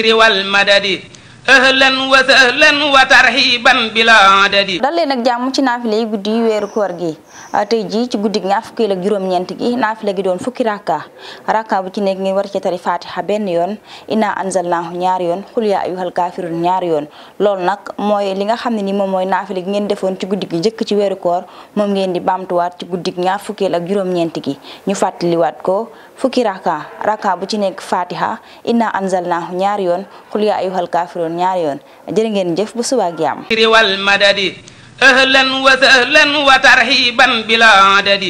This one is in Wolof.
ذكر والمدد ahlan wa sahlan wa bila adadi dal leen ak jàmm ci naafile yi guddi yi weeru gi ah, tey jii ci guddi gi ñaar fukki ak juróom-ñeent gi naafile gi doon fukki rakka rakka bu ci nekk ngi war ci tari fatiha benn yoon inna anzalnaahu ñaari yoon xul yaa ñaari yoon loolu nag mooy li nga xam ne ni moom mooy naafile ngeen defoon ci guddi gi njëkk ci weeru koor moom ngeen di baamtuwaat ci guddi gi ñaar ak juróom gi ñu fàttaliwaat ko fukki rakka bu ci nekk fatiha inna anzalnaahu yoon xul yaa ayyuhal kaafiruun ñaari yoon jërë ngeen jëf bu suba ak yàmm riwal madadi ahlan wa sahlan wa tarhiban bila adadi